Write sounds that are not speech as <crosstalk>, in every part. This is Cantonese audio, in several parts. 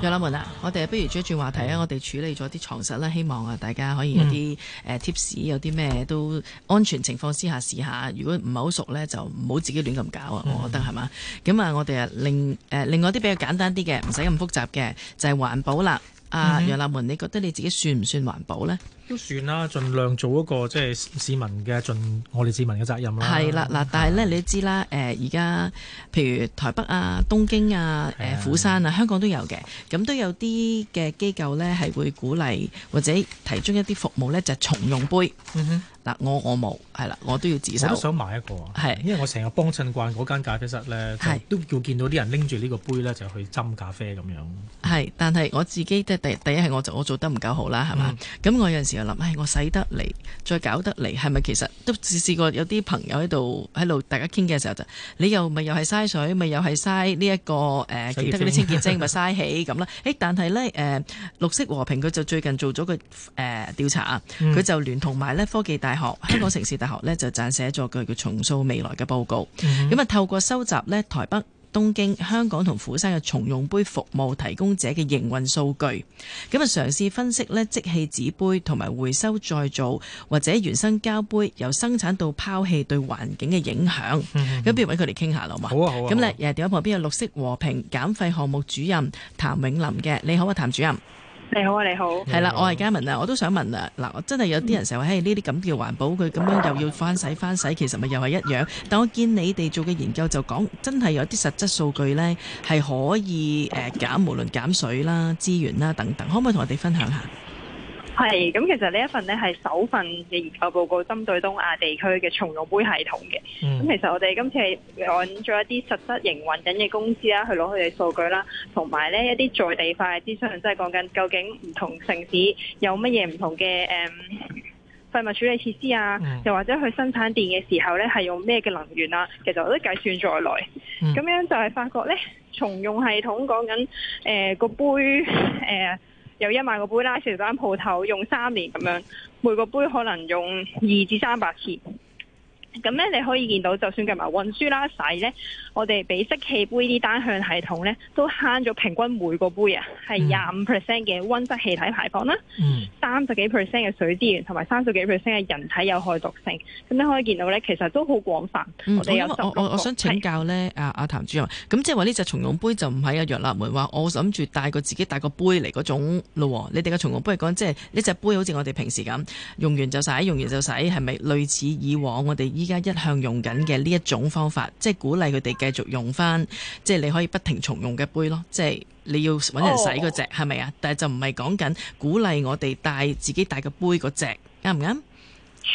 老友們啊，我哋不如轉一轉話題啊，我哋處理咗啲床蝨啦，希望啊大家可以有啲誒貼士，有啲咩都安全情況之下試下，如果唔係好熟呢，就唔好自己亂咁搞啊、嗯，我覺得係嘛？咁啊，我哋啊另誒、呃、另外啲比較簡單啲嘅，唔使咁複雜嘅，就係、是、環保啦。啊！楊立門，你覺得你自己算唔算環保呢？都算啦，盡量做一個即係市民嘅盡我哋市民嘅責任啦。係啦，嗱，但係呢你都知啦，誒，而家譬如台北啊、東京啊、誒釜山啊，香港都有嘅，咁都有啲嘅機構呢係會鼓勵或者提供一啲服務呢，就係重用杯。嗯哼。嗱，我我冇，係啦，我都要自首。我都想買一個啊，係，因為我成日幫襯慣嗰間咖啡室咧，都要見到啲人拎住呢個杯咧就去斟咖啡咁樣。係，嗯、但係我自己即係第第一係我就我做得唔夠好啦，係、嗯、嘛？咁我有陣時又諗，唉、哎，我使得嚟，再搞得嚟，係咪其實都試試過有啲朋友喺度喺度，大家傾嘅時候就你又咪又係嘥水，咪又係嘥呢一個誒，其他啲清潔精，咪嘥氣咁啦。但係咧誒，綠色和平佢就最近做咗個誒、呃、調查佢、嗯、就聯同埋咧科技大學香港城市大學咧就撰寫咗個叫《重塑未來》嘅報告，咁啊、嗯、透過收集台北、東京、香港同釜山嘅重用杯服務提供者嘅營運數據，咁啊嘗試分析咧即棄紙杯同埋回收再造或者原生膠杯由生產到拋棄對環境嘅影響，咁、嗯、不如揾佢哋傾下啦嘛。好啊好啊。咁咧、啊，誒電話旁邊有綠色和平減廢項目主任譚穎琳嘅，你好啊譚主任。你好啊，你好。係啦，我係嘉文啊，我都想問啊，嗱，我真係有啲人成日話，嘿，呢啲咁叫環保？佢咁樣又要翻洗翻洗，其實咪又係一樣。但係我見你哋做嘅研究就講，真係有啲實質數據呢，係可以誒減，無論減水啦、資源啦等等，可唔可以同我哋分享下？係，咁其實呢一份呢係首份嘅研究報告，針對東亞地區嘅重用杯系統嘅。咁、嗯、其實我哋今次揾咗一啲實質營運緊嘅公司啦，去攞佢哋數據啦，同埋呢一啲在地化嘅資訊，即係講緊究竟唔同城市有乜嘢唔同嘅誒、嗯、廢物處理設施啊，又、嗯、或者去生產電嘅時候呢係用咩嘅能源啊？其實我都計算在內。咁、嗯、樣就係發覺呢重用系統講緊誒個杯誒。呃有一萬個杯啦，成間鋪頭用三年咁樣，每個杯可能用二至三百次。咁咧你可以見到，就算計埋運輸啦、洗咧，我哋比即棄杯啲單向系統咧，都慳咗平均每個杯啊，係廿五 percent 嘅溫室氣體排放啦，三十幾 percent 嘅水資源同埋三十幾 percent 嘅人體有害毒性。咁你可以見到咧，其實都好廣泛。咁、嗯、我哋有、嗯嗯、我我，我想請教咧，阿、啊、阿、啊、譚主任，咁即係話呢隻重用杯就唔喺阿楊立梅話，我諗住帶個自己帶個杯嚟嗰種咯。你哋嘅重用杯係講即係呢隻杯，好似我哋平時咁用完就洗，用完就洗，係咪類似以往我哋？依家一向用緊嘅呢一種方法，即係鼓勵佢哋繼續用返，即係你可以不停重用嘅杯咯，即係你要搵人洗嗰隻，係咪啊？但係就唔係講緊鼓勵我哋帶自己帶個杯嗰隻，啱唔啱？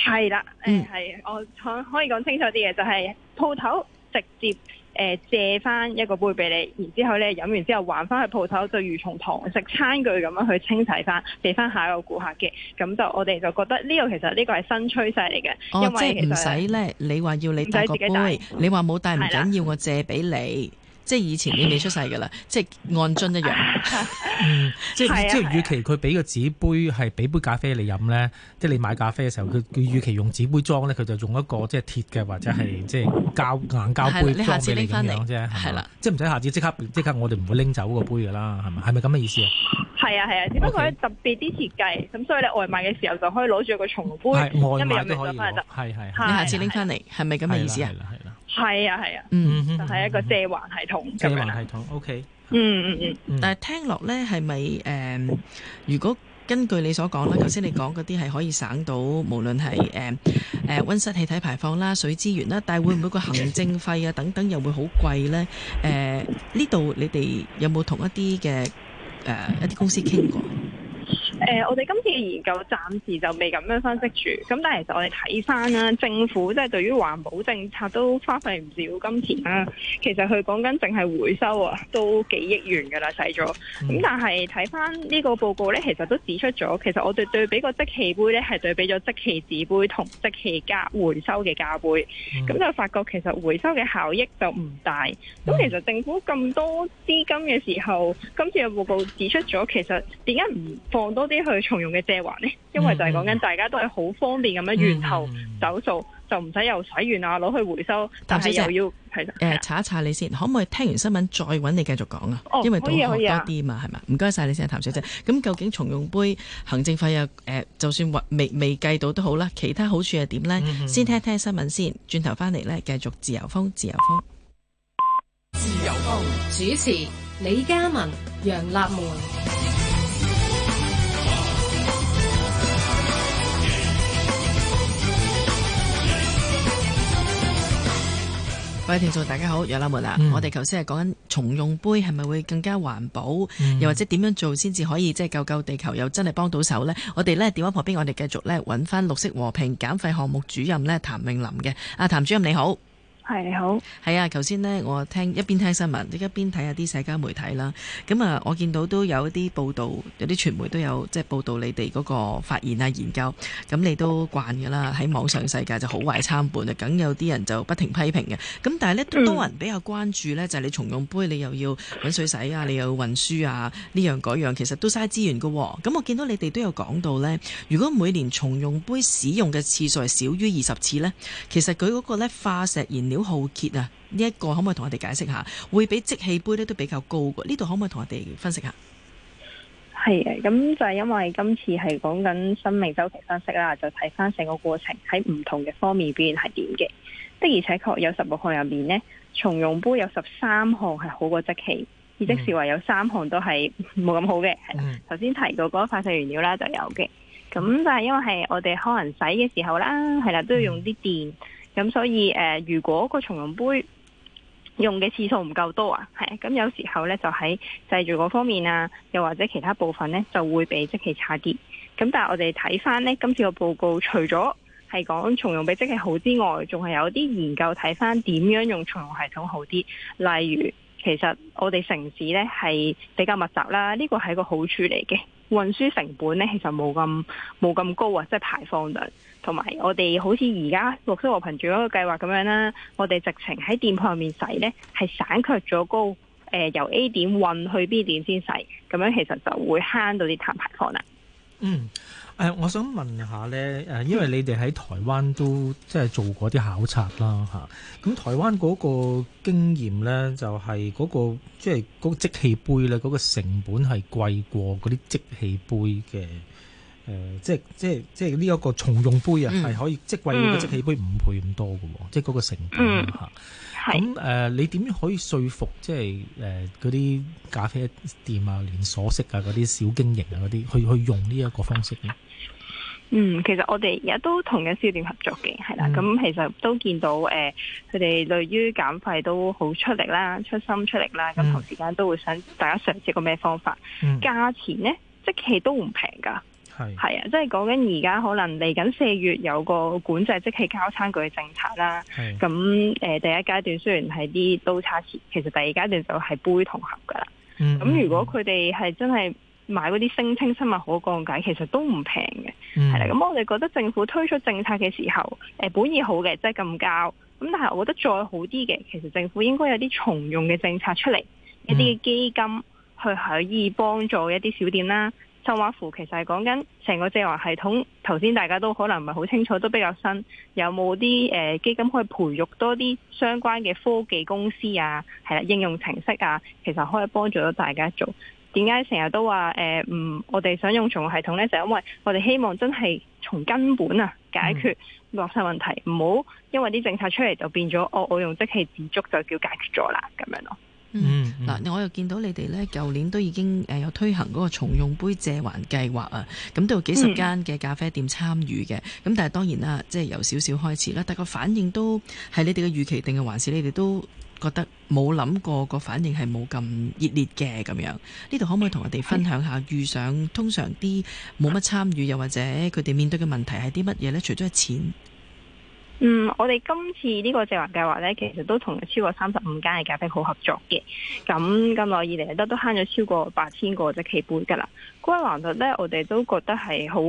係啦，誒、嗯、係，我可以講清楚啲嘢，就係、是、鋪頭直接。誒，借翻一個杯俾你，然之後咧飲完之後還翻去鋪頭，就如從堂食餐具咁樣去清洗翻，俾翻下一個顧客嘅。咁就我哋就覺得呢個其實呢個係新趨勢嚟嘅，因為唔使咧，你話要你帶個杯，自己帶，你話冇帶唔緊要，我借俾你。即係以前你未出世㗎啦，即係按樽一樣。即係即係，與其佢俾個紙杯，係俾杯咖啡你飲咧，即係你買咖啡嘅時候，佢佢與其用紙杯裝咧，佢就用一個即係鐵嘅或者係即係膠硬膠杯裝畀你咁樣啫。係啦、啊啊，即係唔使下次即刻即刻，我哋唔會拎走個杯噶啦，係咪？係咪咁嘅意思啊？係啊係啊，只不過特別啲設計，咁、okay. 所以你外賣嘅時候就可以攞住個重杯、啊，外賣都可以。來係啊係啊係啊、你下次拎翻嚟係咪咁嘅意思啊？係啊係啊，嗯，就係一個借還系統。借還系統，OK。嗯嗯嗯，但係聽落咧，係咪誒？如果根據你所講啦，頭先你講嗰啲係可以省到，無論係誒誒溫室氣體排放啦、水資源啦，但係會唔會個行政費啊等等又會好貴咧？誒，呢度你哋有冇同一啲嘅誒一啲公司傾過？誒、呃，我哋今次嘅研究暫時就未咁樣分析住，咁但係其實我哋睇翻啦，政府即係對於環保政策都花費唔少金錢啦、啊。其實佢講緊淨係回收啊，都幾億元㗎啦，使咗。咁但係睇翻呢個報告呢，其實都指出咗，其實我哋對比一個即棄杯呢，係對比咗即棄紙杯同即棄膠回收嘅膠杯，咁、嗯、就發覺其實回收嘅效益就唔大。咁其實政府咁多資金嘅時候，今次嘅報告指出咗，其實點解唔放多啲，去重用嘅借還呢？因為就係講緊大家都係好方便咁樣源頭走數，就唔使又洗完啊攞去回收，嗯、但係又要係誒、呃、查一查你先，可唔可以聽完新聞再揾你繼續講啊、哦？因為道學多啲啊嘛，係嘛？唔該晒你先，譚小姐。咁究竟重用杯行政費啊？誒、呃，就算未未計到都好啦，其他好處係點呢？嗯、先聽聽新聞先，轉頭翻嚟咧繼續自由風，自由風，自由風。主持李嘉文、楊立門。各位聽眾，大家好，羊柳們啊，我哋頭先係講緊重用杯係咪會更加環保、嗯，又或者點樣做先至可以即係救救地球，又真係幫到手呢？我哋呢電話旁邊，我哋繼續呢揾翻綠色和平減廢項目主任呢，譚穎琳嘅，阿、啊、譚主任你好。係你好，係啊！頭先呢，我聽一邊聽新聞，一邊睇下啲社交媒體啦。咁啊，我見到都有一啲報道，有啲傳媒都有即係報道你哋嗰個發現啊、研究。咁你都慣噶啦，喺網上世界就好壞參半啊，梗有啲人就不停批評嘅。咁但係呢，都多人比較關注呢，就係、是、你重用杯，你又要搵水洗啊，你又運輸啊，呢樣嗰樣，其實都嘥資源噶、哦。咁我見到你哋都有講到呢，如果每年重用杯使用嘅次數係少於二十次呢，其實佢嗰個呢化石燃。屌耗竭啊！呢一個可唔可以同我哋解釋下？會比即棄杯咧都比較高嘅，呢度可唔可以同我哋分析下？係啊，咁就係因為今次係講緊生命周期分析啦，就睇翻成個過程喺唔同嘅方面表現係點嘅。的而且確有十六項入面呢，重用杯有十三項係好過即棄，而、嗯、即是話有三項都係冇咁好嘅。頭、嗯、先提過嗰個化石原料啦就有嘅，咁就係因為係我哋可能使嘅時候啦，係啦都要用啲電。嗯咁所以，誒、呃，如果個重用杯用嘅次數唔夠多啊，係咁有時候咧就喺製造嗰方面啊，又或者其他部分咧就會比即棄差啲。咁但係我哋睇翻咧今次個報告，除咗係講重用比即棄好之外，仲係有啲研究睇翻點樣用重用系統好啲。例如，其實我哋城市咧係比較密集啦，呢個係個好處嚟嘅。運輸成本咧其實冇咁冇咁高啊，即係排放量。同埋我哋好似而家綠色和平做嗰個計劃咁樣啦，我哋直情喺店鋪入面洗咧，係省卻咗高誒、呃、由 A 點運去 B 點先洗，咁樣其實就會慳到啲碳排放量。嗯。哎、我想問一下咧，因為你哋喺台灣都即係做過啲考察啦，咁、啊、台灣嗰個經驗咧，就係、是、嗰、那個即係嗰個即棄杯咧，嗰、那個成本係貴過嗰啲即棄杯嘅、呃，即係即即呢一個重用杯啊，係、嗯、可以即貴貴過嗰即棄杯五倍咁多㗎喎、嗯，即係嗰個成本嚇。咁、嗯、誒、啊，你點樣可以說服即係誒嗰啲咖啡店啊、連鎖式啊嗰啲小經營啊嗰啲，去去用呢一個方式咧？嗯，其實我哋而家都同緊超店合作嘅，係啦，咁、嗯、其實都見到誒，佢哋對於減廢都好出力啦、出心出力啦，咁、嗯、同時間都會想大家嘗試個咩方法、嗯。價錢呢，即棄都唔平㗎，係係啊，即係講緊而家可能嚟緊四月有個管制即棄膠餐具嘅政策啦，咁誒、呃、第一階段雖然係啲刀叉匙，其實第二階段就係杯同盒㗎，咁、嗯、如果佢哋係真係，買嗰啲聲稱生物可降解，其實都唔平嘅，啦、嗯。咁我哋覺得政府推出政策嘅時候、呃，本意好嘅，即係禁膠。咁但係我覺得再好啲嘅，其實政府應該有啲重用嘅政策出嚟，一啲基金去可以幫助一啲小店啦。新華乎其實係講緊成個借還系統。頭先大家都可能唔係好清楚，都比較新。有冇啲、呃、基金可以培育多啲相關嘅科技公司啊？係啦，應用程式啊，其實可以幫助到大家做。點解成日都話誒，唔、呃、我哋想用重用系統呢？就是、因為我哋希望真係從根本啊解決垃圾問題，唔、嗯、好因為啲政策出嚟就變咗我、哦、我用即棄自足就叫解決咗啦咁樣咯。嗯，嗱、嗯嗯，我又見到你哋呢，舊年都已經、呃、有推行嗰個重用杯借還計劃啊，咁、啊、都有幾十間嘅咖啡店參與嘅，咁、嗯、但係當然啦，即係由少少開始啦，但個反應都係你哋嘅預期定嘅，還是你哋都覺得冇諗過個反應係冇咁熱烈嘅咁樣？呢度可唔可以同我哋分享下遇上通常啲冇乜參與又或者佢哋面對嘅問題係啲乜嘢呢？除咗係錢？嗯，我哋今次呢個計劃計劃呢，其實都同超過三十五間嘅咖啡舖合作嘅，咁咁耐以嚟咧都都慳咗超過八千個即棄杯噶啦。歸還率咧，我哋都覺得係好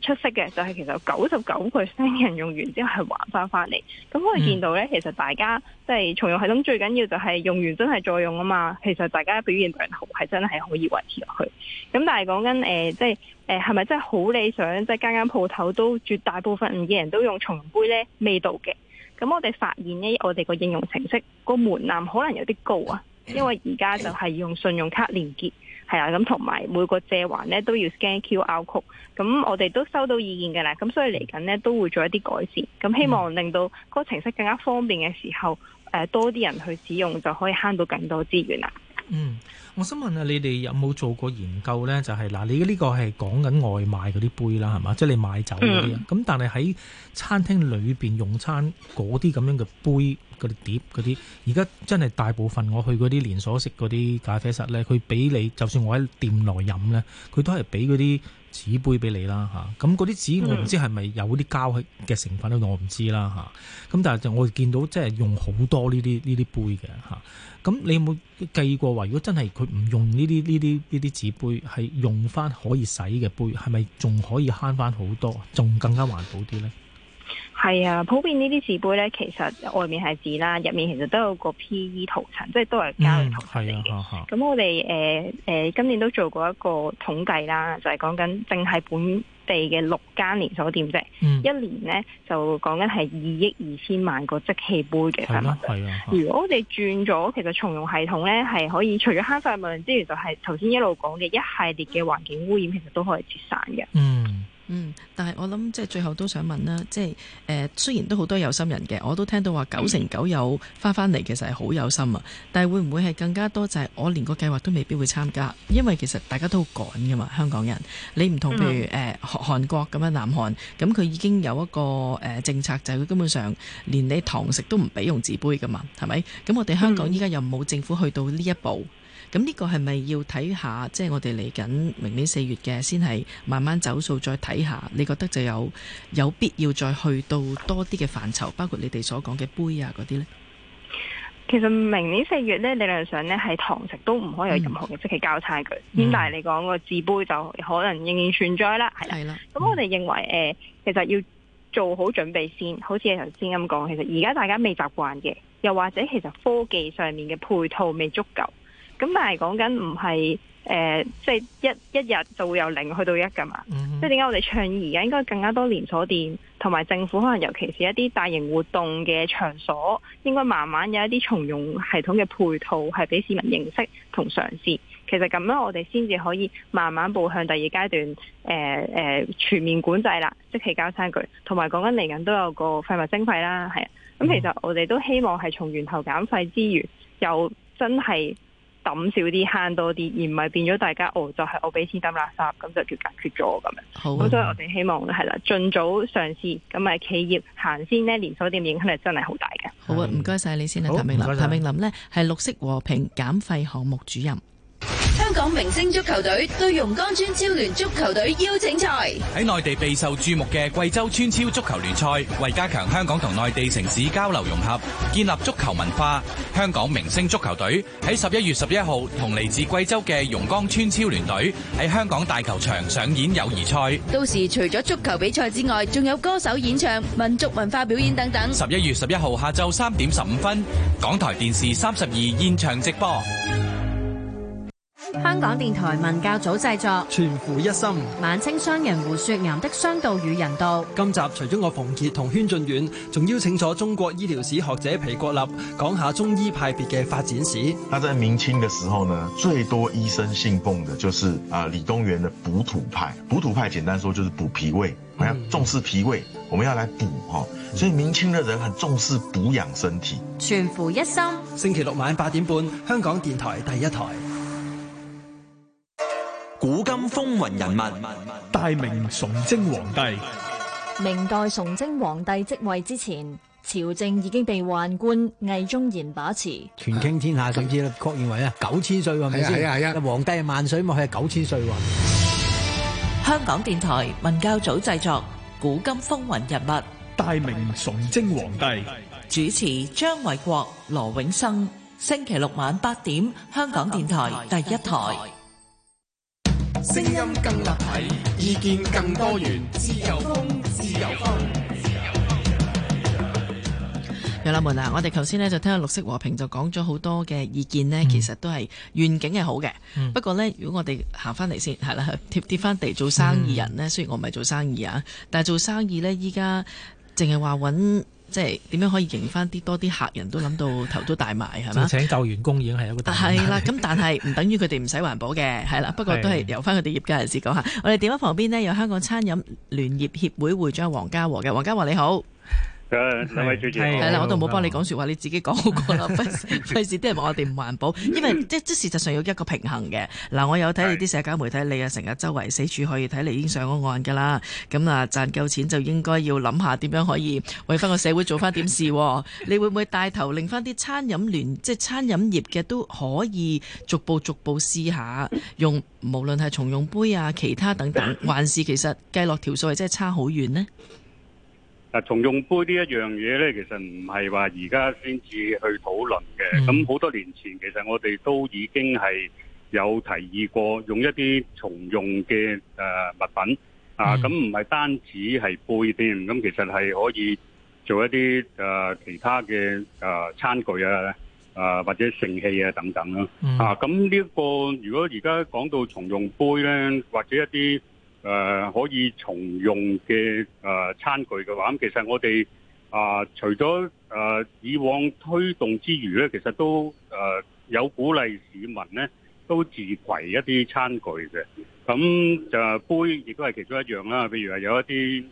出色嘅，就係、是、其實九十九個新人用完之後係還翻返嚟，咁我哋見到咧、嗯，其實大家即係、就是、重用系統最緊要就係用完真係再用啊嘛。其實大家表現良好係真係可以維持落去。咁但係講緊即係係咪真係好理想？即係間間鋪頭都絕大部分嘅人都用重用杯咧，未到嘅。咁我哋發現呢，我哋個應用程式個門檻可能有啲高啊。因為而家就係用信用卡連結，係啊，咁同埋每個借還咧都要 scan QR code。咁我哋都收到意見噶啦，咁所以嚟緊咧都會做一啲改善。咁希望令到個程式更加方便嘅時候，誒、呃、多啲人去使用就可以慳到更多資源啦。嗯，我想問下你哋有冇做過研究呢？就係、是、嗱，你呢個係講緊外賣嗰啲杯啦，係嘛？即、就、係、是、你賣走嗰啲。咁、嗯、但係喺餐廳裏邊用餐嗰啲咁樣嘅杯、啲碟、嗰啲，而家真係大部分我去嗰啲連鎖食嗰啲咖啡室呢，佢俾你就算我喺店內飲咧，佢都係俾嗰啲。紙杯俾你啦嚇，咁嗰啲紙我唔知係咪有啲膠嘅成分咧，我唔知啦嚇。咁但係就我見到即係用好多呢啲呢啲杯嘅嚇。咁你有冇計過話，如果真係佢唔用呢啲呢啲呢啲紙杯，係用翻可以洗嘅杯，係咪仲可以慳翻好多，仲更加環保啲咧？係啊，普遍呢啲紙杯呢，其實外面係紙啦，入面其實都有個 P.E. 塗層，即係都係膠塗層咁、嗯啊啊啊、我哋誒誒今年都做過一個統計啦，就係講緊淨係本地嘅六間連鎖店啫，一年呢，就講緊係二億二千萬個即棄杯嘅。係如果我哋轉咗，其實重用系統呢，係可以除咗慳曬量之餘，就係頭先一路講嘅一系列嘅環境污染，其實都可以節散嘅。嗯。嗯，但係我諗即係最後都想問啦，即係誒雖然都好多有心人嘅，我都聽到話九成九有翻翻嚟，其實係好有心啊。但係會唔會係更加多就係我連個計劃都未必會參加，因為其實大家都好趕噶嘛，香港人。你唔同譬如誒韓、嗯呃、韓國咁樣南韓，咁佢已經有一個誒、呃、政策，就係佢根本上連你堂食都唔俾用紙杯噶嘛，係咪？咁我哋香港依家又冇政府去到呢一步。嗯。咁呢個係咪要睇下？即係我哋嚟緊明年四月嘅先係慢慢走塑，再睇下。你覺得就有有必要再去到多啲嘅範疇，包括你哋所講嘅杯啊嗰啲呢？其實明年四月呢，理論上呢，係堂食都唔可以有任何嘅即棄膠餐具嘅。先大嚟講個紙杯就可能仍然存在啦。係啦，咁我哋認為誒、嗯呃，其實要做好準備先。好似你頭先咁講，其實而家大家未習慣嘅，又或者其實科技上面嘅配套未足夠。咁但係講緊唔係誒，即、呃、係、就是、一一日就會由零去到一噶嘛？即係點解我哋倡議而家應該更加多連鎖店同埋政府，可能尤其是一啲大型活動嘅場所，應該慢慢有一啲重用系統嘅配套，係俾市民認識同嘗試。其實咁樣我哋先至可以慢慢步向第二階段，誒、呃、誒全面管制啦，即係交餐具。同埋講緊嚟緊都有個廢物徵費啦，係啊。咁、嗯 mm-hmm. 其實我哋都希望係從源頭減廢之餘，又真係。抌少啲慳多啲，而唔係變咗大家哦，就係、是、我俾錢抌垃圾，咁就叫解決咗咁樣。好、啊，所以我哋希望係啦，盡早嘗試咁啊，企業行先呢，連鎖店影響力真係好大嘅。好啊，唔該晒你先啊，譚穎琳。譚穎琳呢係綠色和平減廢項目主任。香港明星足球隊對榕江村超聯足球隊邀請賽。喺內地備受注目嘅貴州村超足球聯賽，為加強香港同內地城市交流融合，建立足球文化，香港明星足球隊喺十一月十一號同嚟自貴州嘅榕江村超聯隊喺香港大球場上演友誼賽。到時除咗足球比賽之外，仲有歌手演唱、民族文化表演等等。十一月十一號下晝三點十五分，港台電視三十二現場直播。香港電台文教組製作，全乎一心。晚清商人胡雪岩的商道與人道。今集除咗我馮杰同軒俊遠，仲邀請咗中國醫療史學者皮國立，講下中醫派別嘅發展史。他在明清嘅時候呢，最多醫生信奉嘅就是啊李東垣的補土派。補土派簡單說就是補脾胃，像、嗯、重視脾胃，我們要來補，所以明清嘅人很重視補養身體。全乎一心。星期六晚八點半，香港電台第一台。古今風雲人物，大明崇禎皇帝。明代崇禎皇帝即位之前，朝政已經被宦官魏忠賢把持，權傾天下，甚至確認為九千歲。皇帝係萬歲，咪係九千歲。香港電台文教組製作，古今風雲人物，大明崇禎皇帝。主持張偉國、羅永生。星期六晚八點，香港電台第一台。聲音更立體，意見更多元，自由風，自由風，自由風。楊立門啊，我哋頭先呢就聽到綠色和平就講咗好多嘅意見呢、嗯、其實都係願景係好嘅、嗯。不過呢，如果我哋行翻嚟先係啦，貼貼翻地做生意人呢。雖然我唔係做生意啊、嗯，但係做生意呢，依家淨係話搵。即係點樣可以迎翻啲多啲客人都諗到頭都大埋係咪？就請救員工已經係一個大。係 <laughs> 啦，咁但係唔等於佢哋唔使環保嘅係啦。不過都係由翻佢哋業界人士講下。我哋電話旁邊呢，有香港餐飲聯業協會會，會長黃家和嘅黃家和你好。兩位主持係啦，我都冇幫你講說話，你自己講好過啦。費事啲人話我哋唔環保， <laughs> <laughs> 因為即即事實上有一個平衡嘅。嗱，我有睇你啲社交媒體，你啊成日周圍四處去睇，你已經上咗岸噶啦。咁啊賺夠錢就應該要諗下點樣可以為翻個社會做翻點事。 <laughs> 你會唔會帶頭令翻啲餐飲聯即係餐飲業嘅都可以逐步逐步試下用，無論係重用杯啊，其他等等， <laughs> 還是其實計落條數係真係差好遠呢？嗱，重用杯一呢一樣嘢咧，其實唔係話而家先至去討論嘅，咁、嗯、好多年前其實我哋都已經係有提議過用一啲重用嘅誒物品、嗯、啊，咁唔係單止係杯添，咁其實係可以做一啲誒、啊、其他嘅誒、啊、餐具啊，誒、啊、或者盛器啊等等啊，咁、嗯、呢、啊呢個如果而家講到重用杯咧，或者一啲。誒、呃、可以重用嘅誒、呃、餐具嘅話，咁其實我哋啊、呃、除咗誒、呃、以往推動之餘，咧，其實都誒、呃、有鼓勵市民咧都自攜一啲餐具嘅。咁就杯亦都係其中一樣啦。譬如話有一啲誒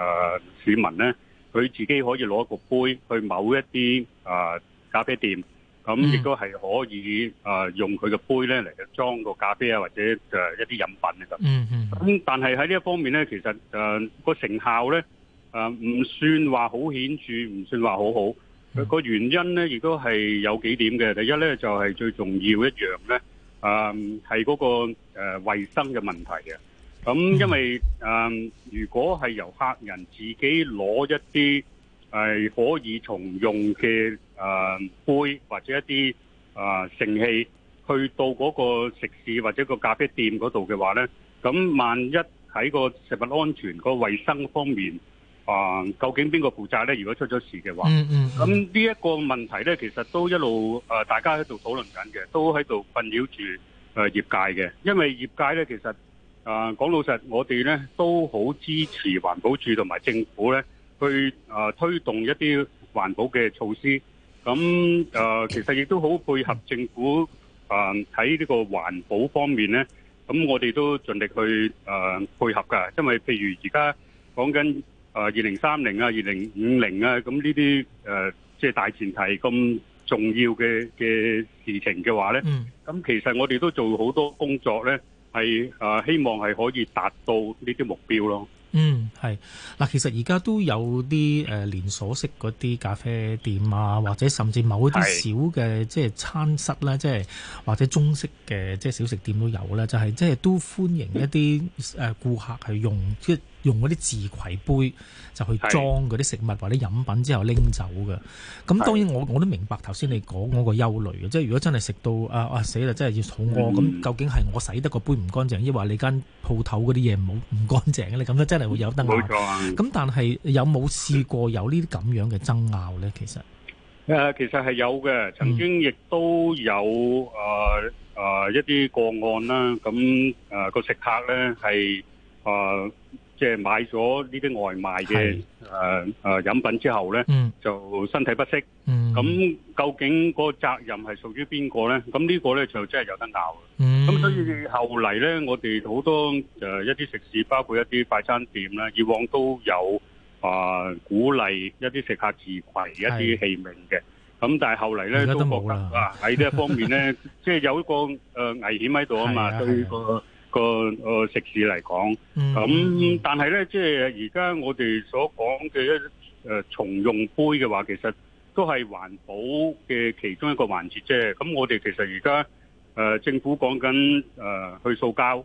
誒市民咧，佢自己可以攞一個杯去某一啲誒、呃、咖啡店。咁亦都係可以用佢嘅杯咧嚟裝個咖啡啊，或者一啲飲品啊咁。咁、嗯嗯、但係喺呢一方面咧，其實誒個、呃、成效咧誒唔算話好顯著，唔算話好好。個、呃、原因咧，亦都係有幾點嘅。第一咧就係、是、最重要一樣咧，誒係嗰個誒衛、呃、生嘅問題嘅。咁、呃、因為誒、呃、如果係由客人自己攞一啲係、呃、可以重用嘅。啊、呃、杯或者一啲啊、呃、盛器，去到嗰個食肆或者個咖啡店嗰度嘅話咧，咁萬一喺個食物安全、個衛生方面啊、呃，究竟邊個負責咧？如果出咗事嘅話，嗯，咁呢一個問題咧，其實都一路誒、呃、大家喺度討論緊嘅，都喺度困擾住誒業界嘅。因為業界咧，其實誒講、呃、老實，我哋咧都好支持環保署同埋政府咧去誒、呃、推動一啲環保嘅措施。咁誒，其實亦都好配合政府誒，喺呢個環保方面咧，咁我哋都盡力去誒配合㗎。因為譬如而家講緊誒二零三零啊、二零五零啊，咁呢啲誒即係大前提咁重要嘅嘅事情嘅話咧，咁其實我哋都做好多工作咧，係誒希望係可以達到呢啲目標咯。嗯，係嗱，其實而家都有啲誒連鎖式嗰啲咖啡店啊，或者甚至某一啲小嘅即係餐室咧，即係或者中式嘅即係小食店都有啦，就係即係都歡迎一啲誒顧客去用即。 <laughs> 用嗰啲自攜杯就去裝嗰啲食物或者飲品之後拎走嘅。咁當然我我都明白頭先你講嗰個憂慮嘅，嗯、即係如果真係食到啊啊死啦！真係要肚餓咁，嗯、究竟係我洗得個杯唔乾淨，抑或你間鋪頭嗰啲嘢唔好唔乾淨你咁樣真係會有得嗌。冇錯啊！咁但係有冇試過有呢啲咁樣嘅爭拗咧？其實誒，其實係有嘅，曾經亦都有誒誒、呃呃、一啲個案啦。咁誒個食客咧係誒。即、就、係、是、買咗呢啲外賣嘅誒誒飲品之後咧、嗯，就身體不適。咁、嗯、究竟個責任係屬於邊個咧？咁呢個咧就真係有得鬧。咁、嗯、所以後嚟咧，我哋好多誒、呃、一啲食肆，包括一啲快餐店咧，以往都有啊、呃、鼓勵一啲食客自攜一啲器皿嘅。咁但係後嚟咧都，都覺得啊喺呢一方面咧， <laughs> 即係有一個誒危險喺度啊嘛，對、啊那個。個誒食肆嚟講，咁、嗯、但係呢，嗯、即係而家我哋所講嘅一誒重用杯嘅話，其實都係環保嘅其中一個環節啫。咁我哋其實而家誒政府講緊誒去塑膠，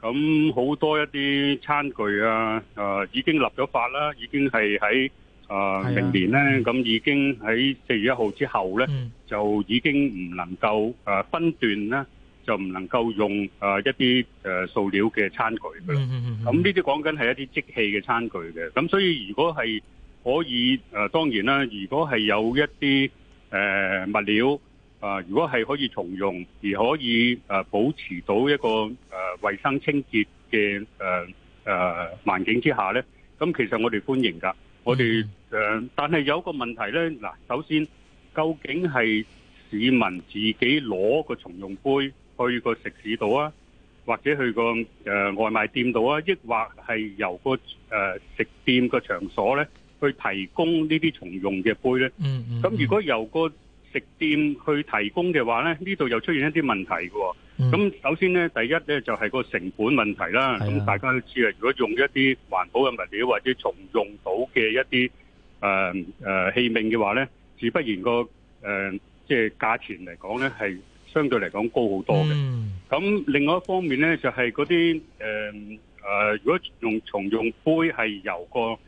咁好多一啲餐具啊，誒、呃、已經立咗法啦，已經係喺誒明年呢，咁、嗯、已經喺四月一號之後呢，嗯、就已經唔能夠誒、呃、分段啦。就唔能夠用啊一啲誒塑料嘅餐具啦。咁呢啲講緊係一啲即棄嘅餐具嘅。咁所以如果係可以誒，當然啦。如果係有一啲誒、呃、物料啊、呃，如果係可以重用而可以誒保持到一個誒衞、呃、生清潔嘅誒誒環境之下咧，咁其實我哋歡迎㗎。我哋誒、呃，但係有一個問題咧。嗱，首先究竟係市民自己攞個重用杯？去個食肆度啊，或者去個誒、呃、外賣店度啊，抑或係由個誒、呃、食店個場所咧去提供呢啲重用嘅杯咧。嗯嗯。咁如果由個食店去提供嘅話咧，呢度又出現一啲問題嘅、哦。嗯。咁首先咧，第一咧就係、是、個成本問題啦。咁、嗯、大家都知啊，如果用一啲環保嘅物料或者重用到嘅一啲誒誒器皿嘅話咧，自不然個誒即係價錢嚟講咧係。相對嚟講高好多嘅，咁、嗯、另外一方面咧，就係嗰啲誒誒，如果用重用杯係由個誒、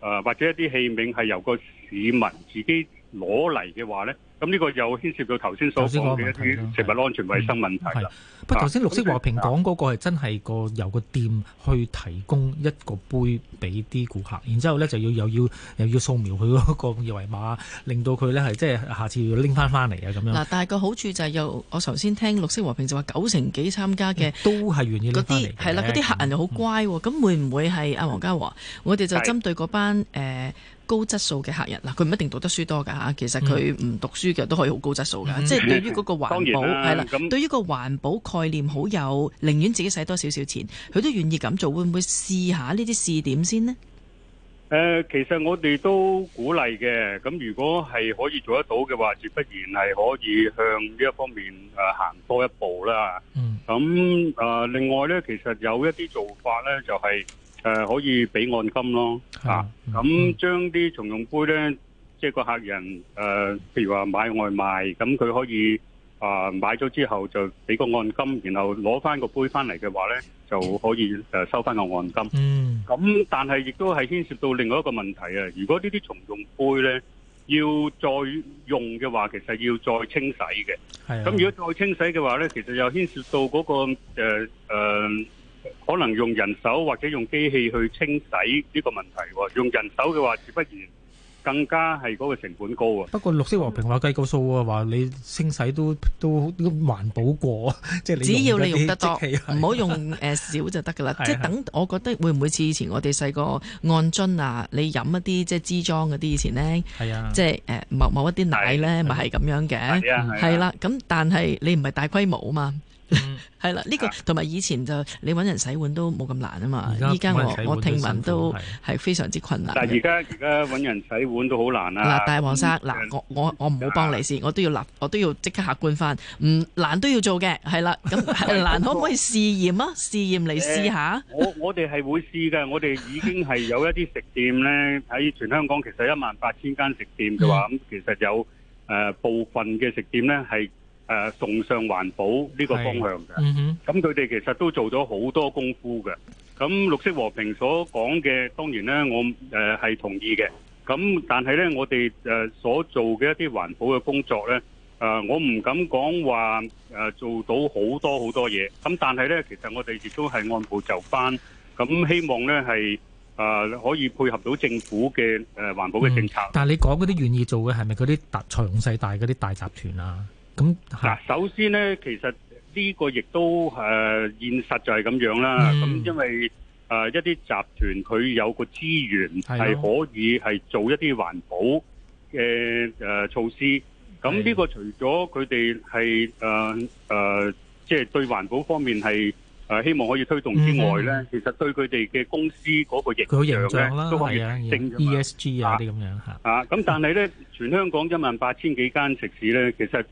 呃、或者一啲器皿係由個市民自己攞嚟嘅話咧。咁呢個又牽涉到頭先所講嘅食物安全、衛生問題啦。不過，頭先綠色和平講嗰個係真係個由個店去提供一個杯俾啲顧客，然之後咧就要又要又要，又要掃描佢嗰個二維碼，令到佢咧係即係下次要拎翻翻嚟啊咁樣。嗱，但係個好處就係又我頭先聽綠色和平就話九成幾參加嘅，都係願意拎翻嚟。係啦，嗰啲客人又好乖，咁、嗯、會唔會係阿黃家和？我哋就針對嗰班誒。高質素嘅客人嗱，佢唔一定讀得書多噶嚇，其實佢唔讀書嘅都可以好高質素嘅，嗯，即係對於嗰個環保係啦，嗯，對於個環保概念好有，寧願自己使多少少錢，佢都願意咁做，會唔會試下呢啲試點先呢？誒，嗯，其實我哋都鼓勵嘅，咁如果係可以做得到嘅話，自不然係可以向呢一方面誒行多一步啦。嗯，咁誒，呃、另外咧，其實有一啲做法咧，就係，是。誒、呃，可以俾按金咯，吓，咁將啲重用杯咧，即係個客人誒、呃，譬如話買外賣，咁、嗯、佢可以啊、呃、買咗之後就俾個按金，然後攞翻個杯翻嚟嘅話咧，就可以誒收翻個按金。嗯，咁但係亦都係牽涉到另外一個問題啊。如果呢啲重用杯咧要再用嘅話，其實要再清洗嘅。係。咁、嗯嗯、如果再清洗嘅話咧，其實又牽涉到嗰、嗰個誒誒。呃可能用人手或者用機器去清洗呢個問題，用人手嘅話，殊不然更加係嗰個成本高啊。不過綠色和平話計個數，話你清洗都都環保過，即係只要你用得多，唔好用誒少就得噶啦。即係等我覺得會唔會似以前我哋細個按樽啊，你飲一啲即係支裝嗰啲以前咧，即係誒某某一啲奶咧，咪係咁樣嘅，係啦。咁但係你唔係大規模啊嘛。嗯，係 <laughs> 啦，呢、這個同埋以前就你搵人洗碗都冇咁難啊嘛，依家我我聽聞都係非常之困難但現在。但係而家而家搵人洗碗都好難啦。嗱，大黃生，嗱、嗯啊，我我我唔好幫你先，我都要立，我都要即刻客觀翻，嗯，難都要做嘅，係啦，咁難可唔可以試驗啊？試驗嚟試下。我我哋係會試嘅，我哋已經係有一啲食店咧喺 <laughs> 全香港其、嗯，其實一萬八千間食店嘅話，咁其實有誒部分嘅食店咧係。誒、呃，崇尚環保呢個方向嘅，咁佢哋其實都做咗好多功夫嘅。咁綠色和平所講嘅，當然咧，我誒係同意嘅。咁但係咧，我哋誒所做嘅一啲環保嘅工作咧，誒，我唔敢講話誒做到好多好多嘢。咁但係咧，其實我哋亦都係按部就班。咁希望咧係誒可以配合到政府嘅誒環保嘅政策。嗯、但係你講嗰啲願意做嘅係咪嗰啲大強大嗰啲大集團啊？咁嗱，首先咧，其實呢個亦都誒、啊、現實就係咁樣啦。咁、嗯、因為誒、啊、一啲集團佢有個資源係可以係做一啲環保嘅誒、啊、措施。咁呢個除咗佢哋係誒誒，即、啊、係、啊就係、對環保方面係、啊、希望可以推動之外咧、嗯，其實對佢哋嘅公司嗰個形佢形象啦，都係嘅 E S G 啊啲咁樣嚇啊。咁、啊啊啊啊啊、但係咧， <laughs> 全香港一萬八千幾間食肆咧，其實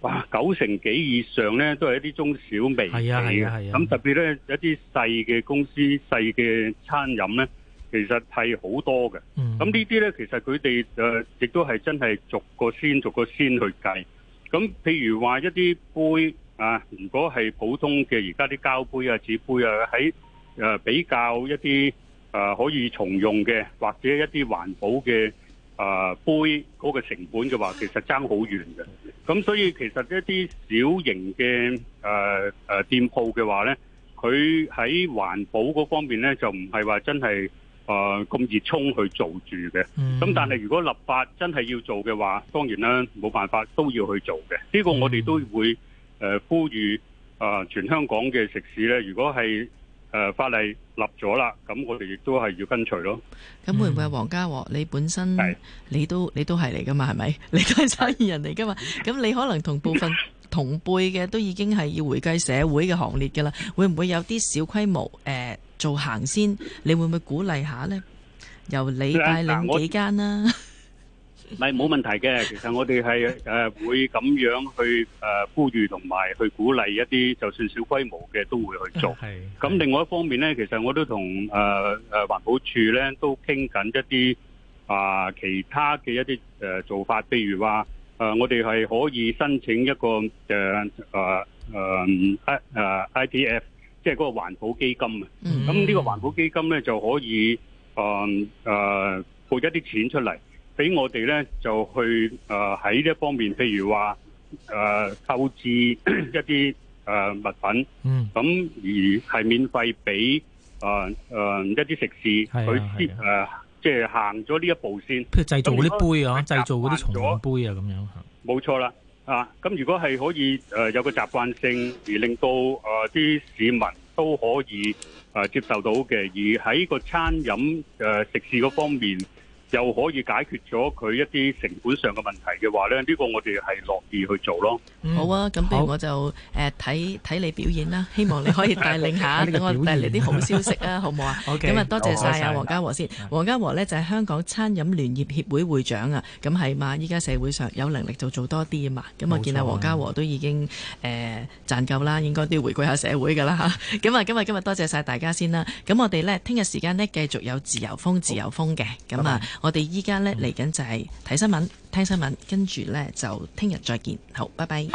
哇，九成幾以上咧，都係一啲中小微，係啊係啊係啊。咁、係啊、特別咧，一啲細嘅公司、細嘅餐飲咧，其實係好多嘅。咁、嗯、呢啲咧，其實佢哋誒亦都係真係逐個先、逐個先去計。咁譬如話一啲杯啊，如果係普通嘅而家啲膠杯啊、紙杯啊，喺誒、呃、比較一啲誒、呃、可以重用嘅，或者一啲環保嘅。啊、呃、杯嗰個成本嘅話，其實爭好遠嘅。咁所以其實一啲小型嘅誒誒店鋪嘅話咧，佢喺環保嗰方面咧就唔係話真係誒咁熱衷去做住嘅。咁但係如果立法真係要做嘅話，當然啦，冇辦法都要去做嘅。呢、這個我哋都會誒、呃、呼籲誒、呃、全香港嘅食肆咧，如果係。誒，法例立咗啦，咁我哋亦都係要跟隨咯。咁、嗯、會唔會係黃家和？你本身你都你都係嚟噶嘛？係咪？你都係生意人嚟噶嘛？咁你可能同部分同輩嘅都已經係要回歸社會嘅行列噶啦。 <laughs> 會唔會有啲小規模誒、呃、做行先？你會唔會鼓勵下呢？由你帶領幾間啦、啊？唔係冇問題嘅，其實我哋係誒會咁樣去誒呼籲同埋去鼓勵一啲就算小規模嘅都會去做。咁 <laughs> 另外一方面咧，其實我都同誒誒環保署咧都傾緊一啲啊、呃、其他嘅一啲誒做法，譬如話誒、呃、我哋係可以申請一個誒誒、呃、誒、呃、I ITF，即係嗰個環保基金。咁 <laughs> 呢個環保基金咧就可以誒誒撥一啲錢出嚟。俾我哋咧就去啊喺呢一方面，譬如話啊購置一啲啊、呃、物品，咁、嗯、而係免費俾啊啊一啲食肆佢接即係行咗呢一步先。製造嗰啲杯啊，製造嗰啲重用杯啊，咁樣吓。冇錯啦啊！咁如果係可以誒、呃、有個習慣性，而令到啊啲、呃、市民都可以啊、呃、接受到嘅，而喺個餐飲誒、呃、食肆嗰方面。又可以解決咗佢一啲成本上嘅問題嘅話呢呢、呢個我哋係樂意去做咯。嗯、好啊，咁不如我就誒睇睇你表演啦，希望你可以帶領下，等 <laughs> 我帶嚟啲好消息啊，好唔好啊？咁 <laughs> 啊、okay, 嗯，多謝晒啊，黃家和先。黃家和呢就係、係、香港餐飲聯業協會會長啊。咁係嘛？依家社會上有能力就做多啲啊嘛。咁我見啊，黃家和都已經誒、呃、賺夠啦，應該都要回饋下社會噶啦咁啊，今日今日多謝晒大家先啦。咁我哋呢，聽日時間呢，繼續有自由風自由風嘅咁啊。拜拜。我哋依家咧嚟緊就係睇新聞、聽新聞，跟住咧就聽日再見。好，拜拜。